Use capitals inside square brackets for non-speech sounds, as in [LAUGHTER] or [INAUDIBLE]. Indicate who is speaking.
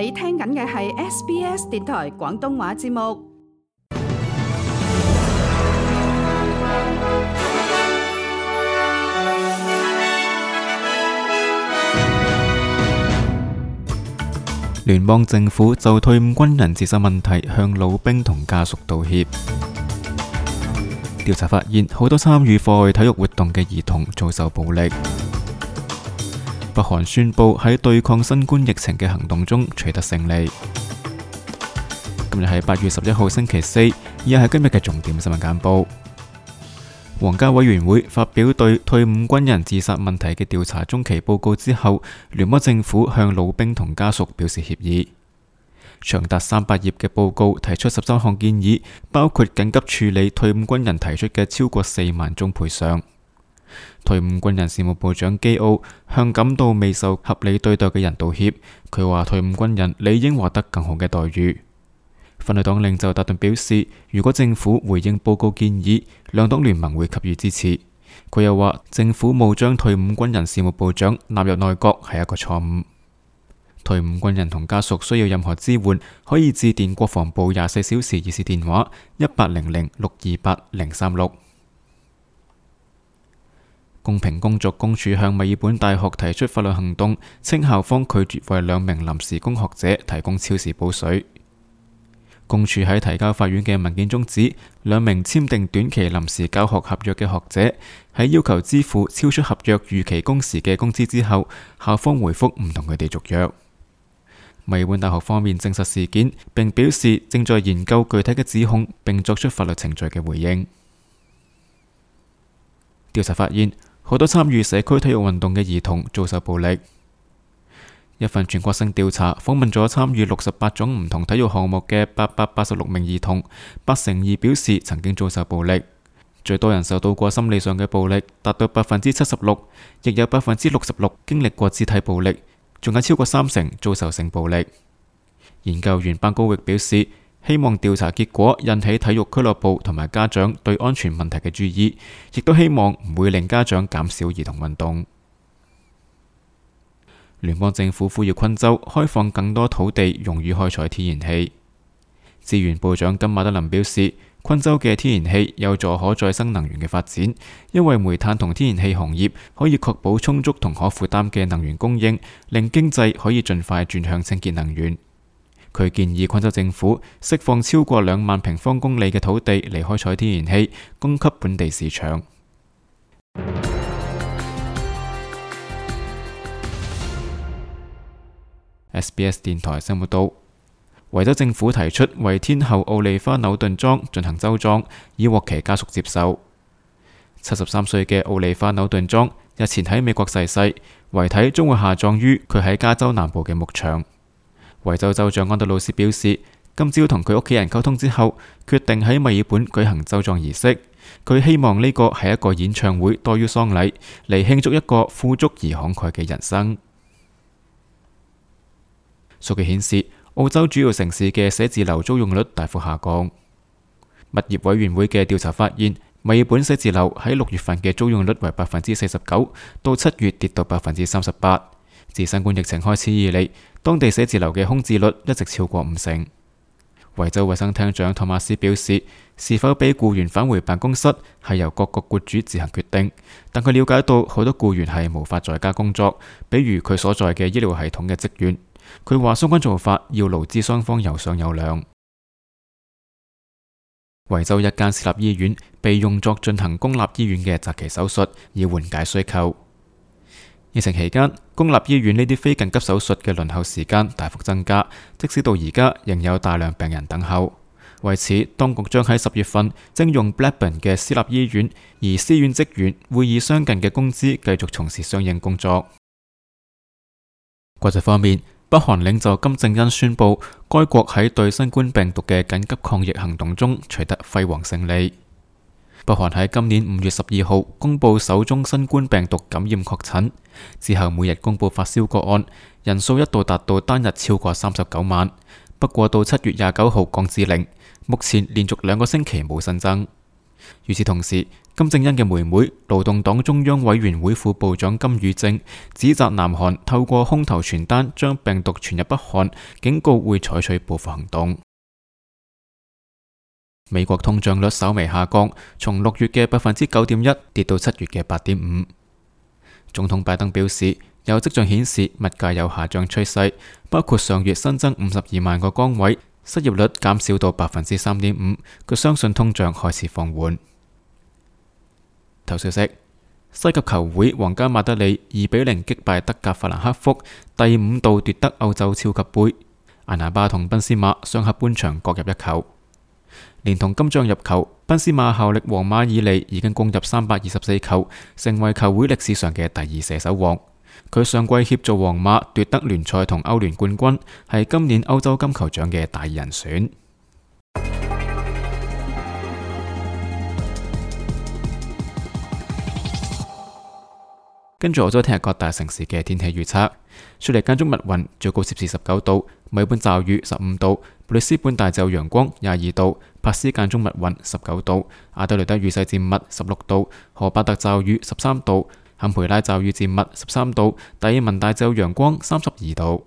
Speaker 1: 你聽緊嘅係 SBS 電台廣東話節目。聯邦政府就退伍軍人自殺問題向老兵同家屬道歉。調查發現，好多參與課外體育活動嘅兒童遭受暴力。北韓宣布喺對抗新冠疫情嘅行動中取得勝利。今日係八月十一號星期四，依家係今日嘅重點新聞簡報。皇家委員會發表對退伍軍人自殺問題嘅調查中期報告之後，聯邦政府向老兵同家屬表示歉意。長達三百頁嘅報告提出十三項建議，包括緊急處理退伍軍人提出嘅超過四萬宗賠償。退伍軍人事務部長基奧向感到未受合理對待嘅人道歉。佢話退伍軍人理應獲得更好嘅待遇。反對黨領袖特頓表示，如果政府回應報告建議，兩黨聯盟會給予支持。佢又話，政府冇將退伍軍人事務部長納入內閣係一個錯誤。退伍軍人同家屬需要任何支援，可以致電國防部廿四小時熱線電話一八零零六二八零三六。公平工作公署向墨爾本大學提出法律行動，稱校方拒絕為兩名臨時工學者提供超時補水。公署喺提交法院嘅文件中指，兩名簽訂短期臨時教學合約嘅學者喺要求支付超出合約預期工時嘅工資之後，校方回復唔同佢哋續約。墨爾本大學方面證實事件，並表示正在研究具體嘅指控，並作出法律程序嘅回應。調查發現。好多參與社區體育運動嘅兒童遭受暴力。一份全國性調查訪問咗參與六十八種唔同體育項目嘅八百八十六名兒童，八成二表示曾經遭受暴力，最多人受到過心理上嘅暴力，達到百分之七十六，亦有百分之六十六經歷過肢體暴力，仲有超過三成遭受性暴力。研究員班高域表示。希望調查結果引起體育俱樂部同埋家長對安全問題嘅注意，亦都希望唔會令家長減少兒童運動。聯邦政府呼籲昆州開放更多土地用於開採天然氣。資源部長金馬德林表示，昆州嘅天然氣有助可再生能源嘅發展，因為煤炭同天然氣行業可以確保充足同可負擔嘅能源供應，令經濟可以盡快轉向清潔能源。佢建議昆州政府釋放超過兩萬平方公里嘅土地嚟開採天然氣，供給本地市場。SBS [MUSIC] 電台生活道：維州政府提出為天后奧利花紐頓莊進行州葬，以獲其家屬接受。七十三歲嘅奧利花紐頓莊日前喺美國逝世，遺體將會下葬於佢喺加州南部嘅牧場。維州州長安德魯斯表示，今朝同佢屋企人溝通之後，決定喺墨爾本舉行州葬儀式。佢希望呢個係一個演唱會多於喪禮，嚟慶祝一個富足而慷慨嘅人生。數據顯示，澳洲主要城市嘅寫字樓租用率大幅下降。物業委員會嘅調查發現，墨爾本寫字樓喺六月份嘅租用率為百分之四十九，到七月跌到百分之三十八。自新冠疫情開始以嚟，當地寫字樓嘅空置率一直超過五成。維州衛生廳長托馬斯表示，是否俾雇員返回辦公室係由各國雇主自行決定。但佢了解到好多雇員係無法在家工作，比如佢所在嘅醫療系統嘅職員。佢話：相關做法要勞資雙方有商有量。維州一間私立醫院被用作進行公立醫院嘅擇期手術，以緩解需求。疫情期間，公立醫院呢啲非緊急手術嘅輪候時間大幅增加，即使到而家仍有大量病人等候。為此，當局將喺十月份徵用 Blackburn 嘅私立醫院，而私院職員會以相近嘅工資繼續從事相應工作。國際方面，北韓領袖金正恩宣布，該國喺對新冠病毒嘅緊急抗疫行動中取得輝煌勝利。北韓喺今年五月十二號公布首宗新冠病毒感染確診，之後每日公布發燒個案，人數一度達到單日超過三十九萬。不過到七月廿九號降至零，目前連續兩個星期冇新增。與此同時，金正恩嘅妹妹、勞動黨中央委員會副部長金宇正指責南韓透過空投傳單將病毒傳入北韓，警告會採取報復行動。美國通脹率稍微下降，從六月嘅百分之九點一跌到七月嘅八點五。總統拜登表示，有跡象顯示物價有下降趨勢，包括上月新增五十二萬個崗位，失業率減少到百分之三點五。佢相信通脹開始放緩。頭消息：西甲球會皇家馬德里二比零擊敗德甲法蘭克福，第五度奪得歐洲超級杯。阿拿巴同賓斯馬雙合半場各入一球。連同金將入球，賓斯馬效力皇馬以嚟，已經攻入三百二十四球，成為球會歷史上嘅第二射手王。佢上季協助皇馬奪得聯賽同歐聯冠軍，係今年歐洲金球獎嘅第二人選。 [MUSIC] 跟住我再聽日各大城市嘅天氣預測。雪梨間中密雲，最高攝氏十九度。米本驟雨十五度，布里斯本大晝陽光廿二度，帕斯間中密雲十九度，阿德雷德雨勢漸密十六度，荷伯特驟雨十三度，坎培拉驟雨漸密十三度，達爾文大晝陽光三十二度。